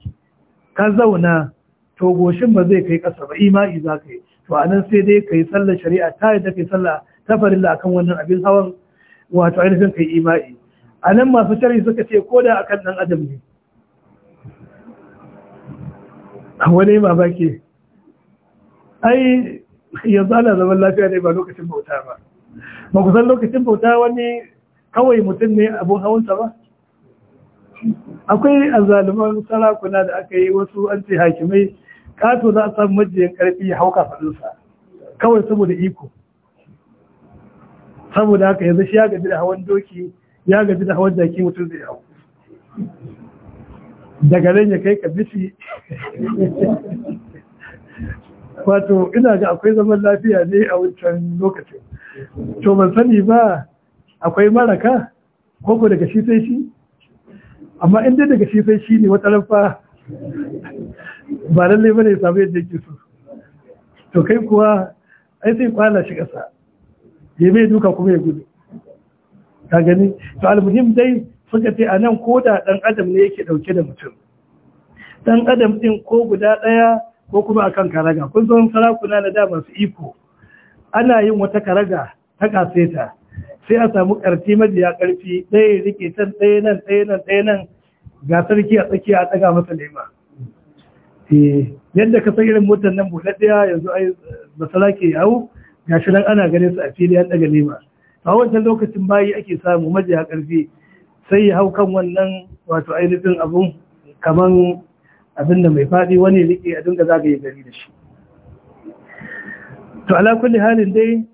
ka zauna to goshin ba zai kai kasa ba imani za ka yi to a nan sai dai ka sallar shari'a ta yadda ka yi sallah ta farilla akan wannan abin hawan wato ainihin ka yi ima'i a nan masu shari'a suka ce ko da akan ɗan adam ne a wani mamaki ai yanzu ana zaman lafiya ne ba lokacin bauta ba ba ku san lokacin bauta wani kawai mutum ne abun hawansa ba akwai azzaluman sarakuna da aka yi wasu an ce hakimai kato za a samu majiyar karfi ya hauka faɗinsa kawai saboda iko saboda haka yanzu shi ya gaji da hawan doki ya gaji da hawan jaki mutum zai hau daga nan ya kai ka bisi wato ina ga akwai zaman lafiya ne a wancan lokacin to ban sani ba akwai maraka ko ko daga shi sai shi amma in daga shi sai shi ne wata rafa ba lallai bane ya samu yadda yake so to kai kuwa ai sai kwana shi kasa ya mai duka kuma ya gudu ka gani to almuhim dai suka ce anan ko da ɗan adam ne yake ɗauke da mutum Ɗan adam ɗin ko guda ɗaya. ko kuma a kan karaga kun zo sarakuna na da masu iko ana yin wata karaga ta kaseta sai a samu karfi majiya karfi ɗaya rike can ɗaya nan ɗaya nan ɗaya nan ga sarki a tsakiya a ɗaga masa lema eh, yadda ka san irin motar nan buɗaɗɗiya yanzu ai masala ke yawo ga shi nan ana ganin su a fili an ɗaga lema a wancan lokacin bayi ake samu majiya ƙarfi sai ya hau kan wannan wato ainihin abun kaman abinda mai faɗi wani riƙe a dinga zagaye gari da shi to ala kulli halin dai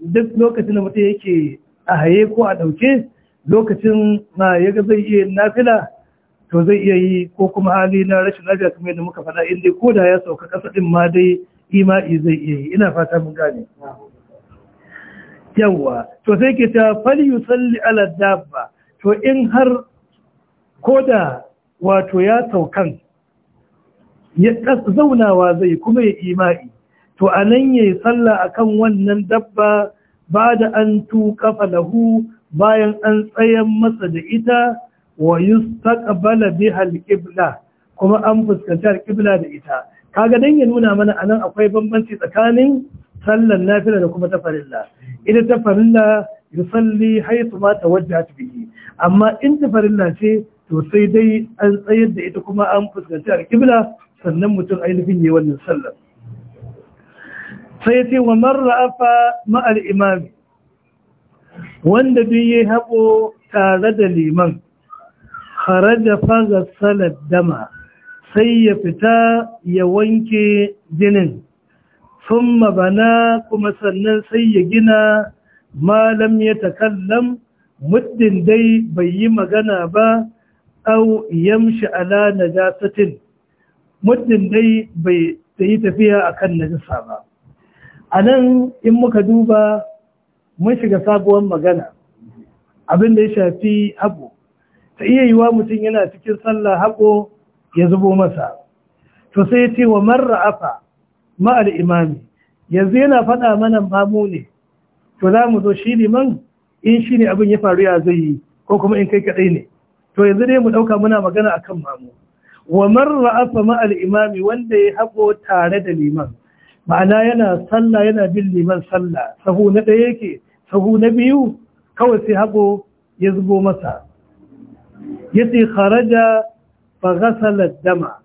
duk lokacin da mutum yake a haye ko a ɗauke lokacin na yaga zai iya nafila to zai iya yi ko kuma hali na rashin lafiya kuma yadda muka faɗa inda ko da ya sauka Kasa ɗin ma dai ima'i zai iya yi ina fata mun gane yawwa to sai ke ta fali yusalli ala dabba to in har ko da wato ya saukan ya zaunawa zai kuma ya ima'i to a nan ya yi sallah a kan wannan dabba ba da an tuƙafa lahu bayan an tsayan masa da ita wa yi taƙabala bihal ƙibla kuma an fuskanci alƙibla da ita kaga dan ya nuna mana anan akwai bambanci tsakanin sallar nafila da kuma tafarilla ita tafarilla yusalli haythu ma tawajjahat bihi amma in tafarilla ce to sai dai an tsayar da ita kuma an fuskanci alƙibla. sannan mutum ainihin yi wannan sallar sai ya ce wa marra'afa ma'al imami wanda duk ya haɓo tare da liman da fara salad dama sai ya fita ya wanke jinin sun mabana kuma sannan sai ya gina malam ya takallam muddin dai bai yi magana ba au yamshi ala najasatin muddin dai bai yi tafiya a akan najasa ba a nan in muka duba mun shiga sabuwar magana abin da ya shafi haƙo ta iya yiwa mutum yana cikin sallah haƙo ya zubo masa to sai ce wa marra afa ma'al imami yanzu yana faɗa mana mamu ne to za mu zo shi ne man? in shi ne abin ya faru ya zai yi ko kuma in kai kaɗai ne to yanzu dai mu ɗauka muna magana akan mamu wa man ra'afa ma imami wanda ya hako tare da liman ma'ana yana sallah yana bin liman sallah sahu na ɗaya yake sahu na biyu kawai sai hako ya zubo masa yace kharaja fa ghasala dama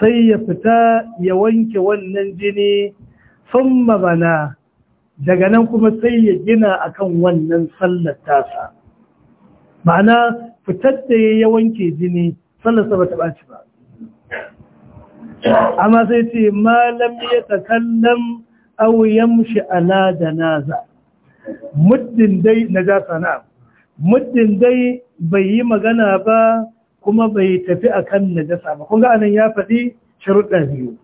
sai ya fita ya wanke wannan jini thumma bana daga nan kuma sai ya gina akan wannan sallar tasa ma'ana fitar da ya wanke jini sallarsa ba ta ɓaci ba amma sai ce malam ya takallam au yamshi ala janaza muddin dai najasa na muddin dai bai yi magana ba kuma bai tafi akan najasa ba kun ga anan ya faɗi sharuɗa biyu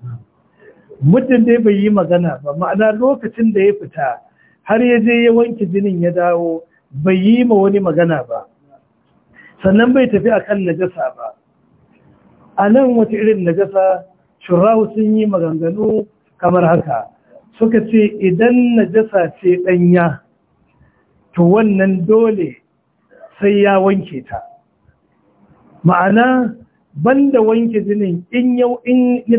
muddin dai bai yi magana ba ma'ana lokacin da ya fita har ya je ya wanke jinin ya dawo bai yi ma wani magana ba sannan bai tafi akan najasa ba a nan wata irin najasa shurahu sun yi maganganu kamar haka suka ce idan najasa ce ɗanya to wannan dole sai ya wanke ta ma'ana banda wanke jinin in yau in na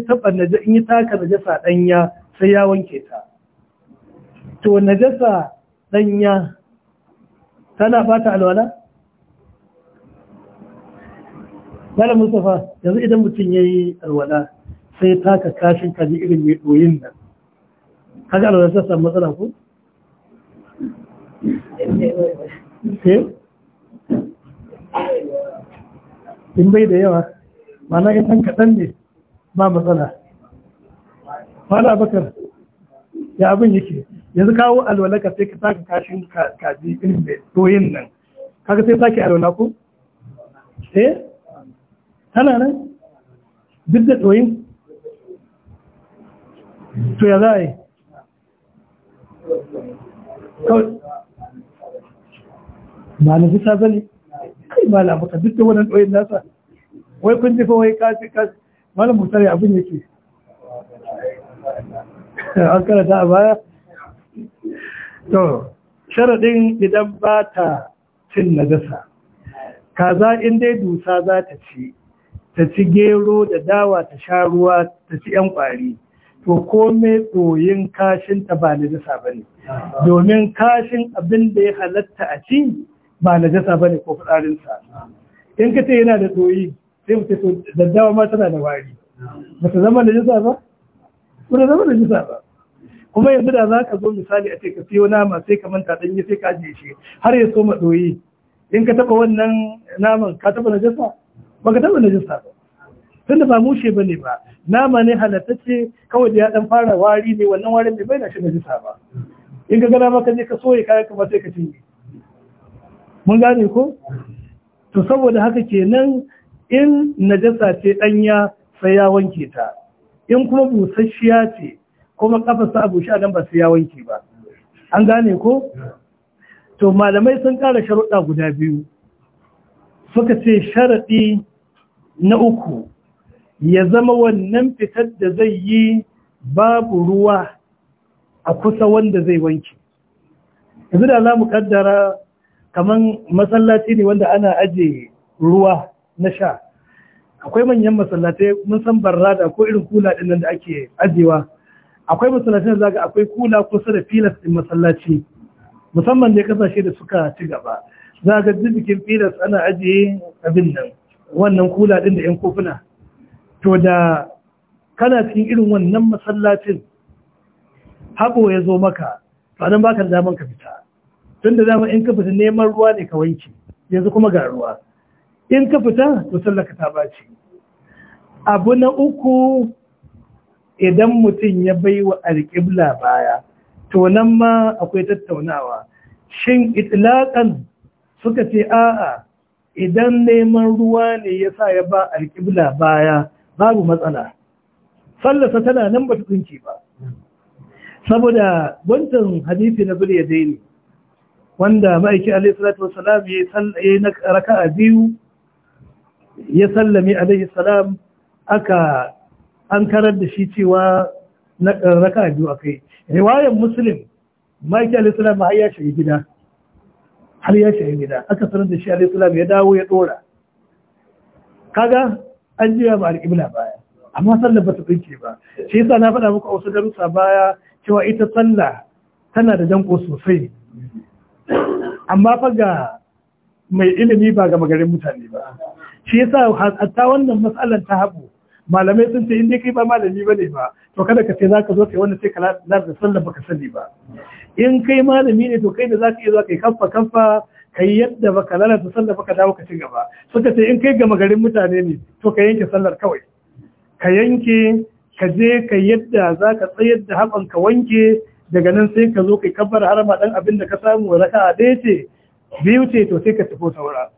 in yi taka najasa ɗanya sai ya wanke ta to najasa ɗanya tana bata alwala malam mustafa yanzu idan mutum ya yi alwala sai taka kashin kaji irin mai ɗoyin nan kaga alwala ta samu matsala ko eh? in bai da yawa mana in ɗan kaɗan ne ba matsala fada bakar ya abin yake yanzu kawo alwalaka sai ka taka kashin kaji irin mai doyin nan kaga sai sake alwala ko eh tana nan duk da ɗoyin to ya za a yi ba na fi sa ne kai ba na duk da wannan ɗoyin nasa wai kun ji wai kasi kasi malam mutane abin yake an karata a baya to sharaɗin idan ba ta cin na gasa. kaza in dai dusa za ta ce. ta ci gero da dawa ta sha ruwa ta ci 'yan ƙwari to komai tsoyin kashin ta ba najasa ba ne domin kashin abin da ya halatta a ci ba najasa ba ne ko fitsarinsa in ka ce yana da tsoyi sai mu ce to dawa ma tana da wari ba ta zama najasa ba ba ta zama najasa ba kuma yanzu da za ka zo misali a ce ka siyo nama sai ka manta ɗanye sai ka ajiye shi har ya so ma ɗoyi in ka taɓa wannan naman ka taɓa najasa Baka taɓa na najasa ba tunda ba mushe bane ba nama ne ce kawai da ya ɗan fara wari ne wannan warin bai bai na shi najasa ba in ka gana maka je ka soye kayan ka ba sai ka cinye mun gane ko to saboda haka kenan in najasa ce danya sai ya wanke ta in kuma busasshiya ce kuma kafarsa a bushe nan ba sai ya wanke ba an gane ko to malamai sun kara sharuɗa guda biyu suka ce sharaɗi na uku ya zama wannan fitar da zai yi babu ruwa a kusa wanda zai wanke yanzu da za mu kaddara kamar masallaci ne wanda ana aje ruwa na sha akwai manyan masallatai mun san barrada ko irin kula din nan da ake ajewa akwai masallatai da zaga akwai kula kusa da filas din masallaci musamman da kasashe da suka ci gaba zaga bikin filas ana ajiye abin nan wannan kula ɗin da 'yan kofuna to da kana cikin irin wannan masallacin haɓo ya zo maka ba baka da daman ka fita tun da in ka fita neman ruwa ne ka wanke yanzu kuma ga ruwa in ka fita to sallaka ta bace abu na uku idan mutum ya bai wa alƙibla baya to nan ma akwai tattaunawa shin itilakan suka ce a'a idan neman ruwa ne ya sa ya ba alƙibla baya babu matsala sallasa tana nan ba tukunci ba saboda gwantan Hadithi na zuriya daini wanda ma'aiki alaihi salatu wasalam ya yi na a biyu ya sallame alaihi salam aka an karar da shi cewa na a biyu a kai. riwayar muslim ma'aiki alaihi salam har ya shiga gida har ya shi gida aka sanar da shi alaihi ya dawo ya dora kaga an jiya ba alibla baya amma sallar ba ta tsinke ba shi yasa na faɗa muku a wasu darussa baya cewa ita sallah tana da danko sosai amma fa ga mai ilimi ba ga magarin mutane ba shi yasa hatta wannan matsalar ta haɓu malamai sun ce inda kai ba malami ne ba to kada ka ce zaka zo kai wannan sai ka lar da sallar baka sani ba in kai malami ne to kai da zaka iya zuwa kai kamfa kamfa kai yadda baka lalata sallar baka dawo ka ci gaba suka ce in kai gama garin mutane ne to ka yanke sallar kawai ka yanke ka je ka yadda zaka tsayar da hakan ka wanke daga nan sai ka zo kai kabbar ma dan abin da ka samu raka a ɗaya ce biyu ce to sai ka tafi saura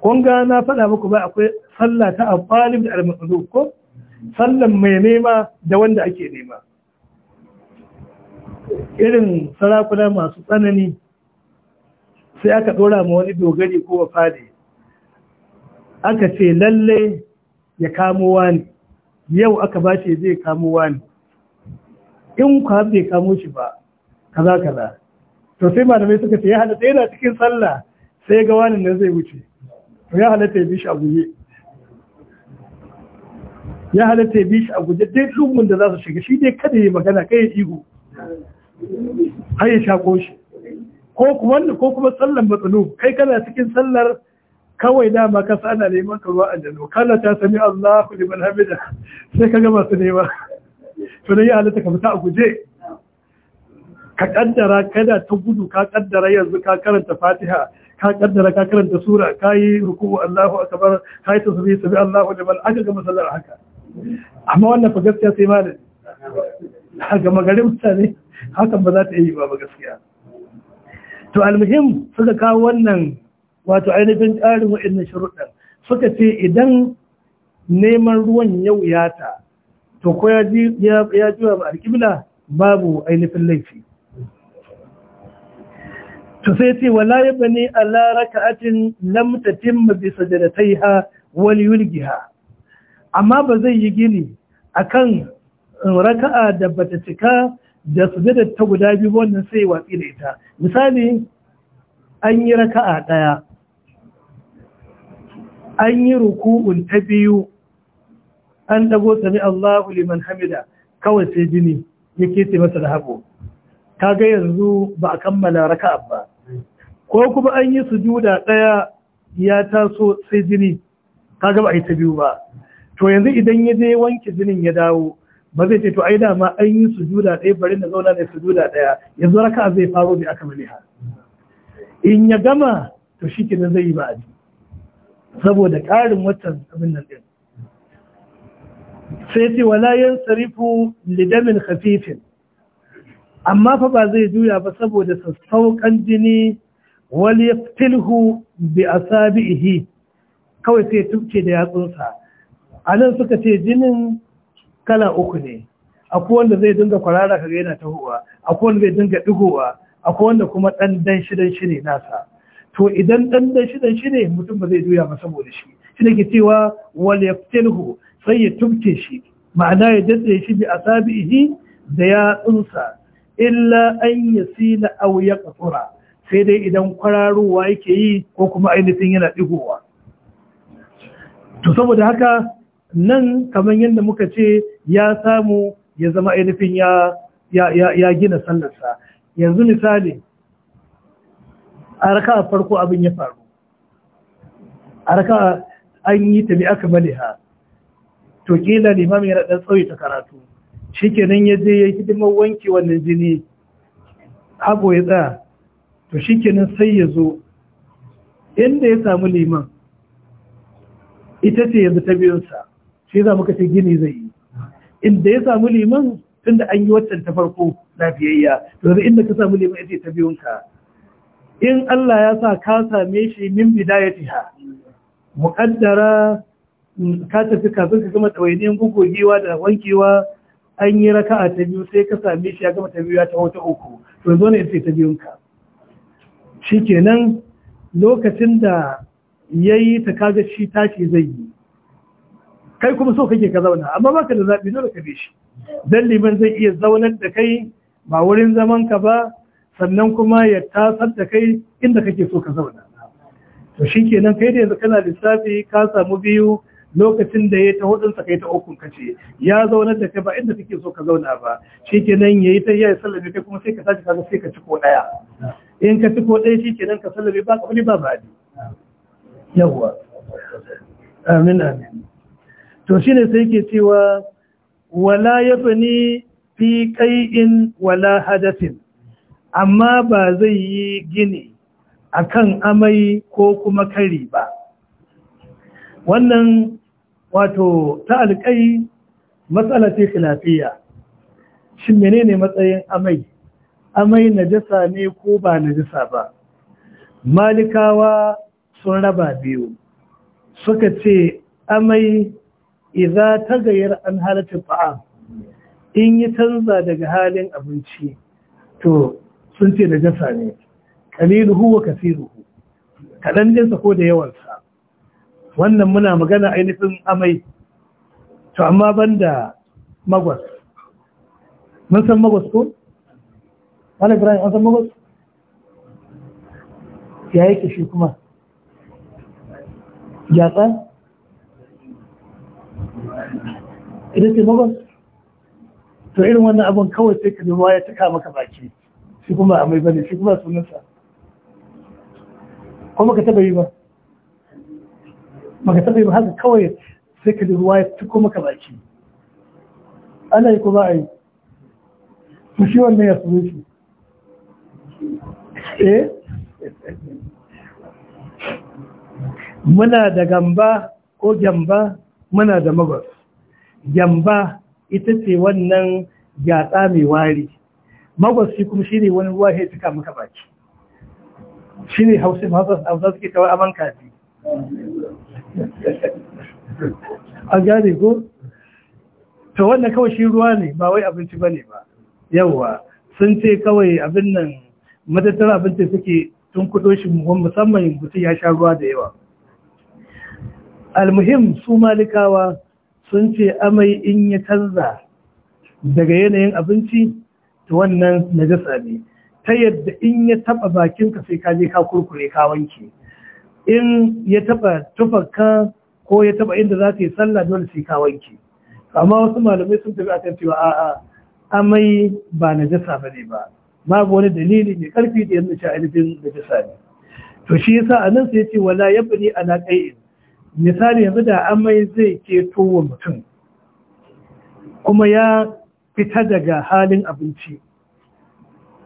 kun ga na faɗa muku ba akwai sallah ta abalim da almasudu ko sallan mai nema da wanda ake nema irin sarakuna masu tsanani sai aka ɗora ma wani dogari ko fadi, aka ce lalle ya kamo wani yau aka ba shi zai kamo wani in ku bai kamo shi ba kaza kaza to sai malamai suka ce ya halatta yana cikin sallah sai ga wani nan zai wuce to ya halatta ya bi shi a guje ya halatta ya bi shi a guje dai lumun da za su shiga shi dai kada ya magana kai ya ihu har ko shako shi ko kuma ko kuma sallar matsalu kai kana cikin sallar kawai dama ka sana neman ka ruwa aljanu kala ta sami Allahu liman hamida sai ka gama su nema to dai halitta ka mutu a guje ka kaddara kada ta gudu ka kaddara yanzu ka karanta Fatiha ka kaddara ka karanta sura ka yi ruku'u Allahu akbar ka yi tasbih sami Allahu liman aka gama sallar haka amma wannan fa gaskiya sai malin ga magarin mutane hakan ba za ta yi ba ba gaskiya to almuhim suka kawo wannan wato ainihin tsarin waɗannan shirudan suka ce idan neman ruwan ya wuyata to ko ya ji ba alƙibla babu ainihin laifi to sai ce wala ya bane ala raka'atin lam tatimma bi sajadataiha wal yulgiha amma ba zai yi gini akan um, raka'a da bata cika da sujada ta guda biyu wannan sai watsi da ita misali an yi raka'a ɗaya an yi ruku'un ta biyu an ɗago sami Allahu liman hamida kawai sai jini yake ce masa da haɓo kaga yanzu ba a kammala raka'a ba ko kuma an yi sujuda ɗaya ya taso sai jini kaga ba a yi ta biyu ba to yanzu idan ya je wanke jinin ya dawo ba zai ce to ai dama an yi sujuda ɗaya bari na zauna da sujuda ɗaya yanzu raka zai faro bi aka maliha in ya gama to shi ke zai yi ba saboda ƙarin watan abin nan ɗin sai ce wala yan sarifu lidamin khafifin amma fa ba zai juya ba saboda sassauƙan jini wal yaftilhu bi asabihi kawai sai tuke da yatsunsa anan suka ce jinin kala uku ne akwai wanda zai dinga kwarara kaga yana tahowa akwai wanda zai dinga digowa akwai wanda kuma dan dan shidan shi ne nasa to idan dan dan shidan shi ne mutum ba zai juya ba saboda shi shi ne ke cewa wal yaqtilhu sai ya tumke shi ma'ana ya datse shi bi asabihi da yatsunsa illa an yasila aw yaqtura sai dai idan kwararowa yake yi ko kuma ainihin yana digowa to saboda haka nan kamar yadda muka ce ya samu ya zama ainihin ya gina sallarsa yanzu misali a raka farko abin ya faru a raka an yi ta aka maliha to kila limamin yana ɗan tsawai ta karatu shikenan ya je ya yi hidimar wanke wannan jini hago ya tsaya to shikenan sai ya zo inda ya samu liman ita ce yanzu ta biyunsa shi za muka ce gini zai yi inda ya samu liman tunda an yi waccan ta farko lafiyayya to inda ka samu liman ita ta biyun ka in Allah ya sa ka same shi min ha muqaddara mm, ka tafi kafin ka gama tsawainiyan gugogewa da wankewa an yi raka'a ta biyu sai ka same shi ya gama ta biyu ya ta wata uku to zo ne ita ta biyun ka shikenan lokacin da yayi ta kaga shi tashi zai yi kai kuma so kake ka zauna amma baka da zaɓi dole ka bi shi dan liman zai iya zaunar da kai ba wurin zaman ka ba sannan kuma ya tasar da kai inda kake so ka zauna to shikenan kai da yanzu kana lissafi ka samu biyu lokacin da ya ta hudun sa kai ta ukun kace ya zaunar da kai ba inda kake so ka zauna ba shikenan yayi ta yayi sallame kai kuma sai ka tashi ka sai ka ci ko daya in ka ci ko daya shikenan ka sallame ba ka kabali ba ba yawa amin amin to shine sai ke cewa wala ya fi in wala hadatin amma ba zai yi gini a kan amai ko kuma kari ba wannan wato ta alƙai matsala ce shi shin menene matsayin amai amai najasa ne ko ba najasa ba malikawa sun raba biyu suka ce amai Iza ta gayar an halatta ta'am in yi canza daga halin abinci to sun ce da jasa ne kaliluhu wa kasiruhu kaɗan jinsa ko da yawansa wannan muna magana ainihin amai to amma banda magwas mun san magwas ko? wani ibrahim an san magwas? ya yake shi kuma? gyatsa? ita ce mabas to irin wannan abin kawai sai ka zuwa ya cika maka baki shi kuma a mai bane shi kuma sunansa kuma ka taba yi ba maka taba yi ba haka kawai sai ka zuwa ya ciko maka baki ana yi ko ba a yi to shi wannan ya sube shi eh muna da gamba ko gyamba muna da magwas yamba ita ce wannan gyatsa mai wari magwasi kuma shi ne wani ruwa ya cika maka baki shi ne hausa suke kawai aman kafi (laughs) an gane ko ta wannan kawai shi ruwa ne ba wai abinci ba ne ba yawwa sun ce kawai abin nan matattara abinci suke tun kudo shi musamman mutum ya sha ruwa da yawa almuhim su malikawa sun ce amai in ya canza daga yanayin abinci ta wannan najasa ne ta yadda in ya taba bakinka sai ka je ka kurkure ka wanke in ya taba tufarka ko ya taba inda za ka yi sallah dole sai ka wanke amma wasu malamai sun tafi akan cewa a'a amai ba najasa jasa ba babu wani dalili mai karfi da yadda cewa ainihin najasa ne to shi yasa anan sai ya ce wala bani ala kai'in misali yanzu da amai zai keto wa mutum kuma ya fita daga halin abinci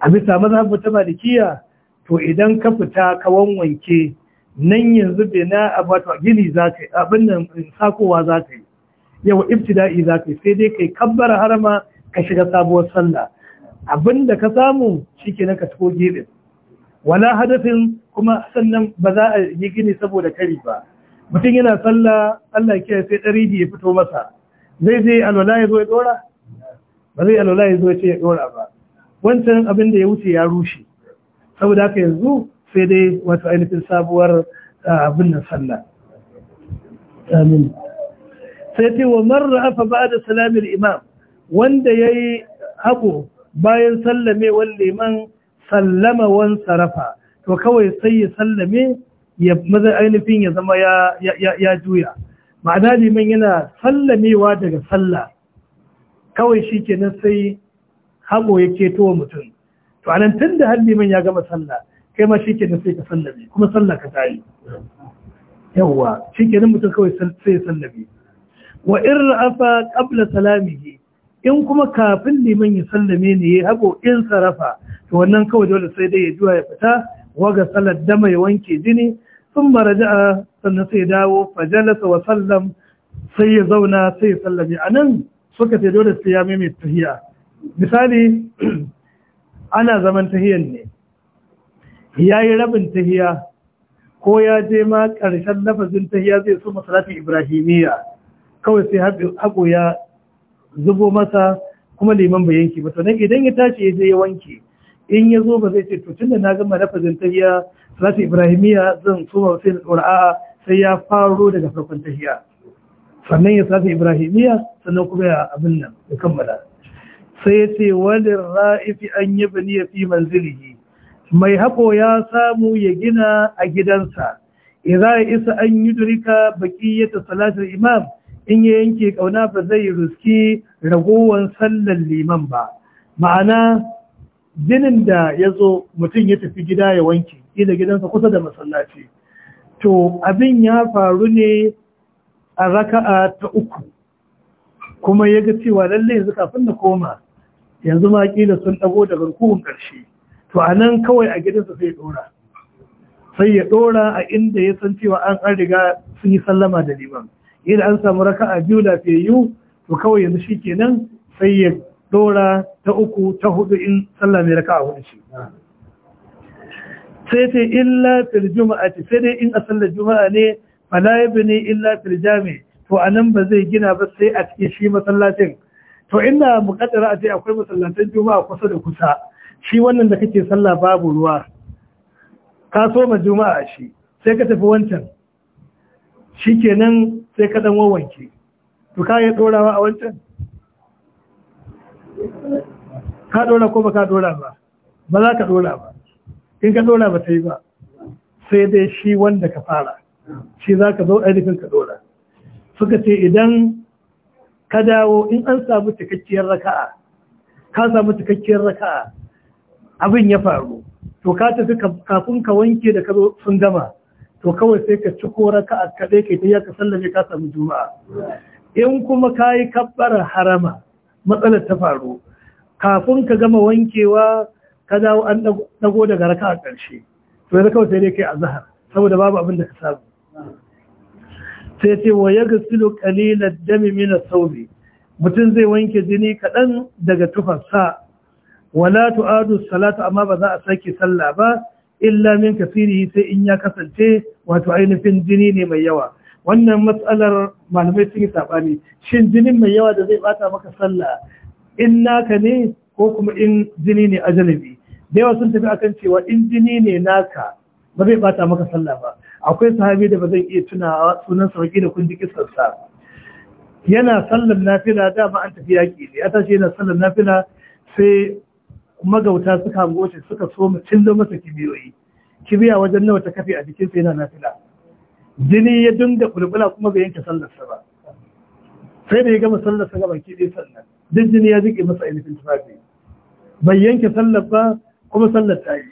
a bisa maza mazhabu ta malikiya to idan ka fita ka wanwanke nan yanzu bai na abato gini za ka yi abinnan sakowa za ka yi yau ibtida'i za ka yi sai dai kai kabbar harama ka shiga sabuwar sallah abin da ka samu shi ke ka tafi gefe wala hadafin kuma sannan ba za a yi gini saboda kari ba mutum yana tsalla Allah kira sai ɗari ya fito masa zai zai alwala ya zo ya ɗora ba zai alwala ya zo ya ce ya ɗora ba wancan abin da ya wuce ya rushe saboda haka yanzu sai dai wato ainihin sabuwar abin da sallah amin sai ce wa marar afa ba da salamin imam wanda ya yi abu bayan sallamewar iman sallama wan sarafa to kawai sai ya sallame ya maza ainihin ya zama ya juya ma'ana neman yana sallamewa daga sallah kawai shi nan sai hago ya keto wa mutum to anan tun da hannu neman ya gama sallah kai ma shi nan sai ka sallame kuma sallah ka tayi yawwa shi nan mutum kawai sai ya sallame wa in ra'afa qabla salamihi in kuma kafin neman ya sallame ne ya hago in sarafa to wannan kawai dole sai dai ya juya ya fita waga salar da mai wanke jini sun ja'a sannan sai dawo fajalasa wa sallam sai ya zauna sai ya sallame a nan suka ce dole sai ya mimi tahiya misali ana zaman tahiyan ne ya yi rabin tahiya ko ya je ma ƙarshen lafazin tahiya zai so masalati ibrahimiyya kawai sai haƙo ya zubo masa kuma liman bayanki yanki ba to nan idan ya tashi ya je ya wanke in ya zo ba zai ce to da na gama lafazin tahiya salatu ibrahimiya zan soma sai qur'a sai ya faro daga farkon tahiya sannan ya salatu ibrahimiya sannan kuma ya abin nan ya kammala sai ya ce wani ra'ifi an yi bani ya fi manzilihi mai hako ya samu ya gina a gidansa idza ya isa an yi durika baqiyata salatul imam in ya yanke kauna ba zai ruski ragowan sallar liman ba ma'ana jinin da ya zo mutum ya tafi gida ya wanke gida gidansa kusa da masallaci to abin ya faru ne a raka'a ta uku kuma ya ga cewa lallai yanzu kafin na koma yanzu ma kila sun dago daga rukun ƙarshe. to a nan kawai a gidansa sai ya dora sai ya ɗora a inda ya san cewa an an riga sun yi sallama da liman Yadda an samu raka'a biyu lafiyayyu to kawai yanzu shikenan sai ya dora ta uku ta hudu in sallah mai raka a hudu ce sai in illa fil ce, sai dai in a sallar juma'a ne fala ne illa fil jami to a nan ba zai gina ba sai a cikin shi masallacin to ina buƙatar a ce akwai masallacin juma'a kusa da kusa shi wannan da kake sallah babu ruwa ka so ma juma'a shi sai ka tafi wancan Shi kenan sai ka ɗan wawanke to ka yi ɗorawa a wancan ka dora ko ba ka dora ba ba za ka dora ba in ka dora ba ta yi ba sai dai shi wanda ka fara shi za ka zo ainihin ka dora suka ce idan ka dawo in an samu cikakkiyar raka'a ka samu cikakkiyar raka'a abin ya faru to ka tafi kafin ka wanke da ka zo sun gama to kawai sai ka ci ko raka'a kaɗai kai ta ya ka sallame ka samu juma'a in kuma ka yi kabbar harama matsalar ta faru kafin ka gama wankewa ka dawo an dago daga raka a ƙarshe to yanzu kawai sai dai kai azhar saboda babu abin da ka samu sai ce wa yaghsilu qalilad dami min as mutum zai wanke jini kaɗan daga tufarsa wala tu'adu salatu amma ba za a sake sallah ba illa min kasiri sai in ya kasance wato ainihin jini ne mai yawa wannan matsalar malamai sun yi saɓani shin jinin mai yawa da zai bata maka sallah in naka ne ko kuma in jini ne ajalabi da yawa sun tafi akan cewa in jini ne naka ba zai bata maka sallah ba akwai sahabi da ba zan iya tunawa sunan sauki da kun ji kisarsa yana sallar nafila ma an tafi yaƙi ne ya tashi yana sallar nafila sai magauta suka hango shi suka so mu cillo masa kibiyoyi kibiya wajen nawa ta kafe a jikinsa yana nafila jini ya dinga bulbula kuma bai yanke sallarsa ba sai da ya gama sallarsa ga baki dai sannan duk jini ya zike masa ainihin tufafi bai yanke sallar ba kuma sallar ta yi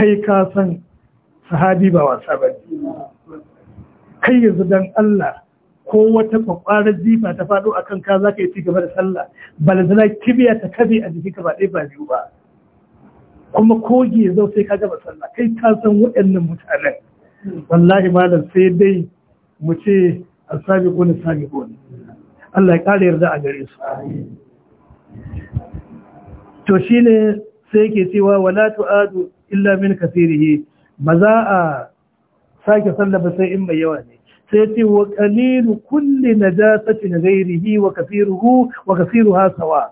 kai ka san sahabi ba wasa ba kai yanzu dan Allah ko wata kwakwarar jifa ta faɗo a kanka za ka yi ci gaba da sallah balazana kibiya ta kabe a jikinka ba ɗaya ba biyu ba kuma koge zau sai ka gaba sallah kai ka san waɗannan mutanen wallahi malam sai dai mu ce a sami sami kone. Allah ya kare yarda a gare su to shi ne sai yake cewa wala tu'adu illa min kathirihi ba za a sake sallah ba sai in mai yawa ne sai ce wa qalilu kulli najasati ghairihi wa kathiruhu wa kathiruha sawa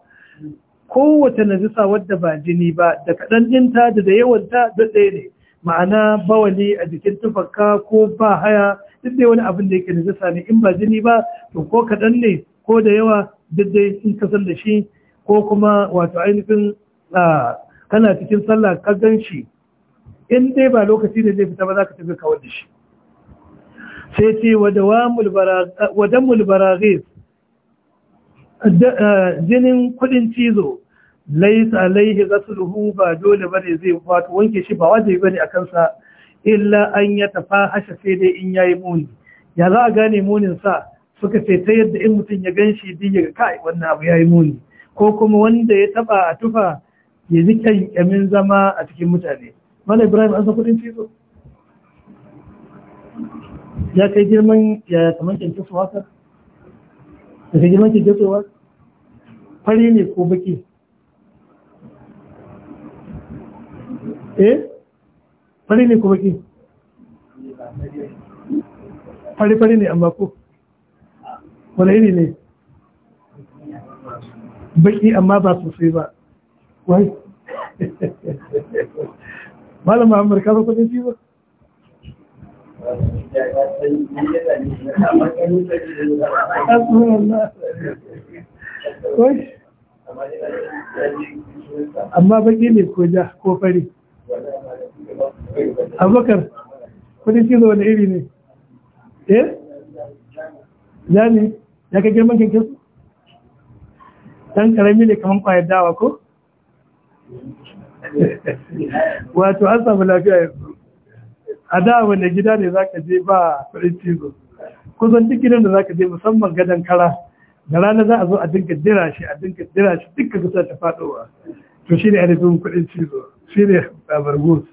kowace najisa wadda ba jini ba da kadan dinta da da yawanta da ɗaya ne ma'ana bawali a jikin tufaka ko ba haya duk dai wani abin da yake zasa ne in ba jini ba to ko kaɗan ne ko da yawa duk dai in ka da shi ko kuma wato ainihin kana cikin sallah ka gan shi in dai ba lokaci ne zai fita ba za ka tafi kawar da shi sai ce wadamul mulbaragis jinin kudin cizo laisa alaihi ghasluhu ba dole bane zai wato wanke shi ba wajibi bane a kansa illa an ya tafahasha sai dai in yayi muni ya za a gane munin sa suka ce ta yadda in mutum ya ganshi din ya kai wannan abu yayi muni ko kuma wanda ya taba a tufa ya ji yamin zama a cikin mutane mala ibrahim an san kudin cizo ya kai girman ya kamar kyankyaso haka ya kai girman kyankyaso haka fari ne ko baki eh fari ne kuma ke fari fari ne amma ko wane iri ne baki amma ba sosai ba wai (laughs) malam muhammad ka san kudin ba amma baki ne ko ja ko fari abubakar kudin cizo wani iri ne eh ne ya ka girman kinkin ɗan ƙarami ne kamar kwayar dawa ko (laughs) wato an samu lafiya yanzu a da wanda gida ne za ka je ba kudin cizo kusan duk gidan da za ka je musamman gadon kara da rana za a zo a dinka jira shi a dinka jira shi duka kusa ta faɗowa to shi ne a nufin kudin cizo shi ne babar gus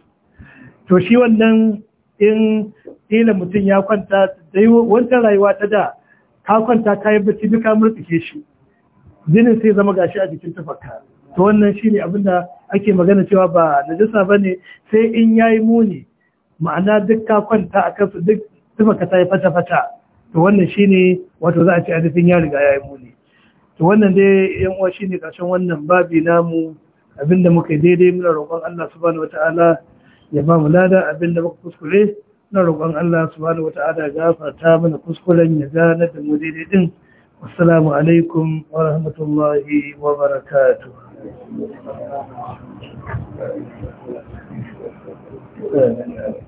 to shi wannan in ila mutum ya kwanta dai wancan rayuwa ta da ka kwanta ka yi bacci duka murtsike shi jinin sai zama gashi a jikin tafarka to wannan shine abin da ake magana cewa ba najasa bane sai in yayi muni ma'ana duk ka kwanta a kansu duk tafarka ta yi fata-fata to wannan shine wato za a ce adadin ya riga yayi muni to wannan dai yan uwa shine karshen wannan babi namu abinda muka daidai muna roƙon Allah subhanahu wataala ya ba mu lada abin da muka kuskure na roƙon Allah subhanahu wata'ala gafarta mana kuskuren ya gane da mu daidai din assalamu alaikum wa rahmatullahi wa barakatuh